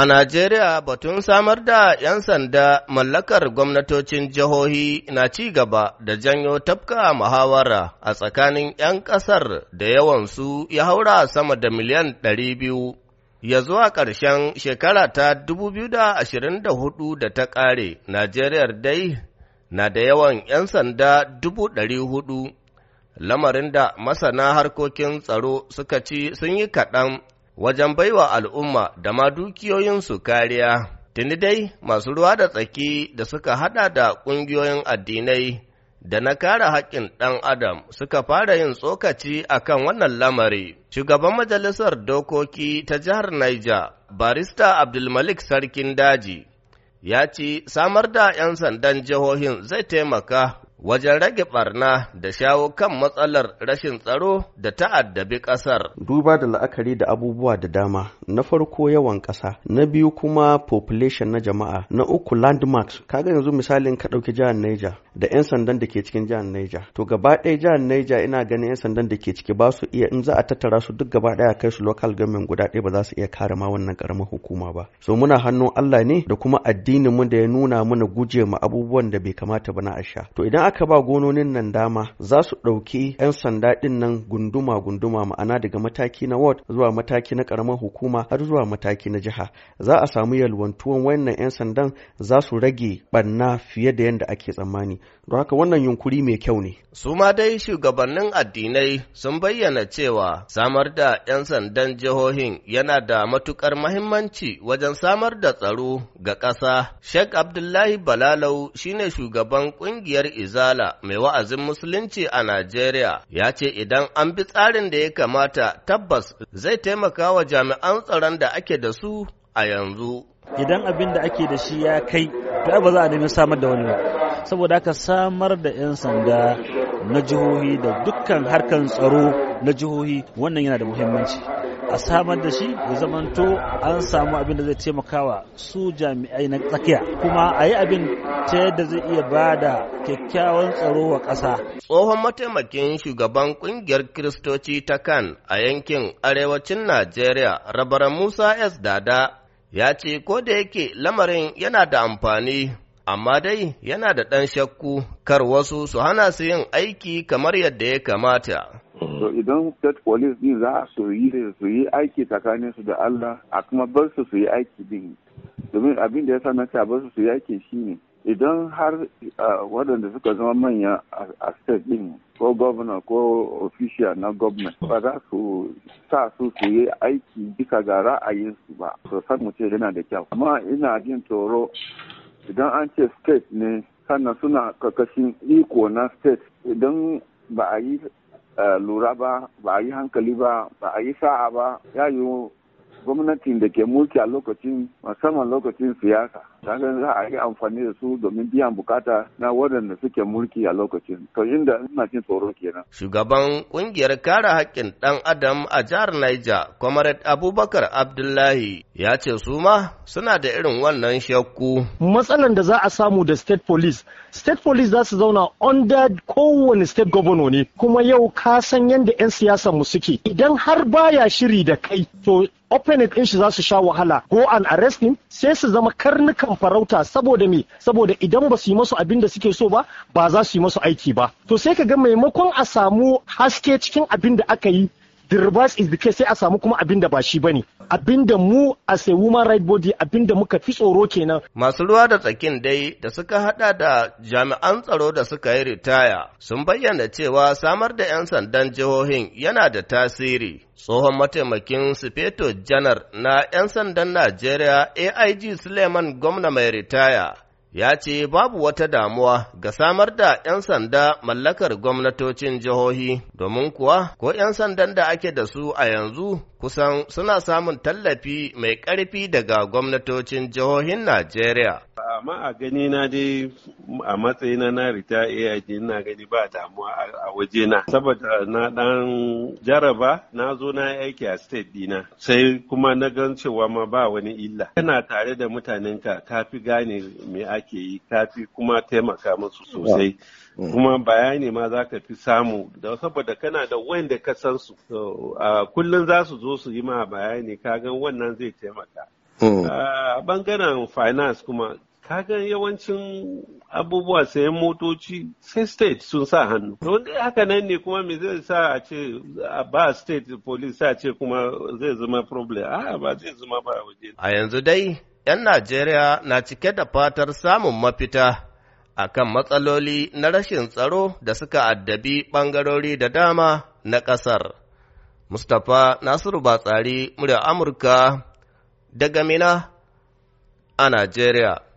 A Najeriya batun samar da ‘yan sanda mallakar gwamnatocin jihohi na ci gaba da janyo tafka muhawara a tsakanin ‘yan ƙasar da yawansu ya haura sama da miliyan ɗari biyu. Ya zuwa ƙarshen shekara ta 2024 da ta ƙare, najeriya dai na da yawan ‘yan sanda dubu ɗari hudu, lamarin da masana harkokin tsaro suka ci sun yi kaɗan wajen baiwa al'umma da ma dukiyoyinsu kariya. Tuni dai masu ruwa da tsaki da suka hada da ƙungiyoyin addinai da na kare haƙƙin ɗan adam suka fara yin tsokaci a kan wannan lamari. Shugaban Majalisar Dokoki ta Jihar Niger, Barista Abdulmalik Sarkin Daji, ya ci samar da ‘yan sandan jihohin zai taimaka wajen rage barna da shawo kan matsalar rashin tsaro da ta'addabi ƙasar. Duba da la'akari da abubuwa da dama, na farko yawan ƙasa, na biyu kuma population na jama'a, na uku landmarks, kaga yanzu misalin ka ɗauki jihar Niger da 'yan sandan da ke cikin jihar Niger. To gaba ɗaya jihar Niger ina ganin 'yan sandan da ke ciki ba su iya in za a tattara su duk gaba ɗaya kai su local government guda ɗaya ba za su iya kare ma wannan ƙaramar hukuma ba. So muna hannun Allah ne da kuma addinin mu da ya nuna mana guje ma abubuwan da bai kamata ba na asha. To idan aka ba gononin nan dama za su ɗauki 'yan sanda ɗin nan gunduma-gunduma ma'ana daga mataki na ward zuwa mataki na ƙaramin hukuma har zuwa mataki na jiha za a samu yalwantuwan wannan 'yan sandan za su rage ɓanna fiye da yadda ake tsammani don haka wannan yunkuri mai kyau ne su ma dai shugabannin addinai sun bayyana cewa samar da 'yan sandan jihohin yana da matukar mahimmanci wajen samar da tsaro ga ƙasa sheikh abdullahi balalau shine shugaban ƙungiyar iza Izala mai wa'azin Musulunci a Najeriya ya ce idan an bi tsarin da ya kamata tabbas zai taimaka wa jami'an tsaron da ake da su a yanzu. Idan abin da ake da shi ya kai, da ba za a nemi samar da wani ba. Saboda haka samar da 'yan sanda na jihohi da dukkan harkan tsaro na jihohi wannan yana da muhimmanci. a samar da shi ya zamanto an samu abin da zai taimakawa su jami'ai na tsakiya kuma a yi abin ta yadda zai iya ba da kyakkyawan tsaro wa ƙasa. Tsohon mataimakin shugaban ƙungiyar Kiristoci ta kan a yankin arewacin Najeriya, Rabaran Musa S. Dada ya ce ko da yake lamarin yana da amfani amma dai yana da ɗan shakku kar wasu su hana su yin aiki kamar yadda ya kamata. so idan state police din za su yi su yi aiki tsakanin su da Allah a kuma bar su su yi aiki din domin abin da ya sa na ce bar su su yi aiki shine idan har waɗanda suka zama manyan a state din ko governor ko official na government ba za su sa su su yi aiki bisa ga ra'ayinsu ba So san mu ce yana da kyau amma ina jin tsoro idan an ce state ne sannan suna kakashin iko na state idan ba a yi Eh, lura ba ba a yi hankali ba ba a yi sa'a ba ya yi gwamnatin da ke mulki a lokacin musamman lokacin siyasa kaga za a yi amfani da su domin biyan bukata na waɗanda suke mulki a lokacin to inda ina cin tsoro kenan shugaban kungiyar kare haƙƙin ɗan adam a jihar Niger Comrade Abubakar Abdullahi ya ce su ma suna da irin wannan shakku matsalan da za a samu da state police state police za su zauna under kowane state governor ne kuma yau ka san yadda 'yan siyasa mu suke idan har baya shiri da kai to opponent ɗin shi za su sha wahala go an arrest him sai su zama karnukan farauta saboda me saboda idan ba su yi masu abin da suke so ba ba za su yi masu aiki ba to sai ka ga maimakon a samu haske cikin abin da aka yi the reverse is the case sai a samu kuma abin da ba shi ba ne. abin da mu ase sai human right body abin da muka fi tsoro kenan masu ruwa da tsakin dai da suka hada da jami'an tsaro da suka yi ritaya sun bayyana cewa samar da 'yan sandan jihohin yana da tasiri tsohon mataimakin sufeto janar na 'yan sandan najeriya aig suleiman gwamna mai ritaya ya ce babu wata damuwa ga samar da 'yan sanda mallakar gwamnatocin jihohi domin kuwa ko 'yan sandan da ake da su a yanzu kusan suna samun tallafi mai ƙarfi daga gwamnatocin jihohin Najeriya. amma a gani na dai a matsayina na rita AI na gani ba damuwa a waje na saboda na dan jaraba na zo na aiki a state dina sai kuma na gan cewa ma ba wani illa kana tare da mutanen ka kafi gane me ake yi kafi kuma taimaka musu sosai mm. Mm. kuma bayani ma za ka fi samu da saboda kana da wanda ka san su kullum za su zo su yi ma bayani ka gan wannan zai taimaka mm. a bangaren finance kuma kaga yawancin abubuwa sayan motoci sai state sun sa hannu wanda haka nan ne kuma me zai sa a ce ba state police a ce kuma zai zama problem a ba zai zama ba waje a yanzu dai 'yan najeriya na cike da fatar samun mafita a kan matsaloli na rashin tsaro da suka addabi ɓangarori da dama na ƙasar. Mustapha Nasiru Batsari, murya Amurka, daga Mina a Najeriya.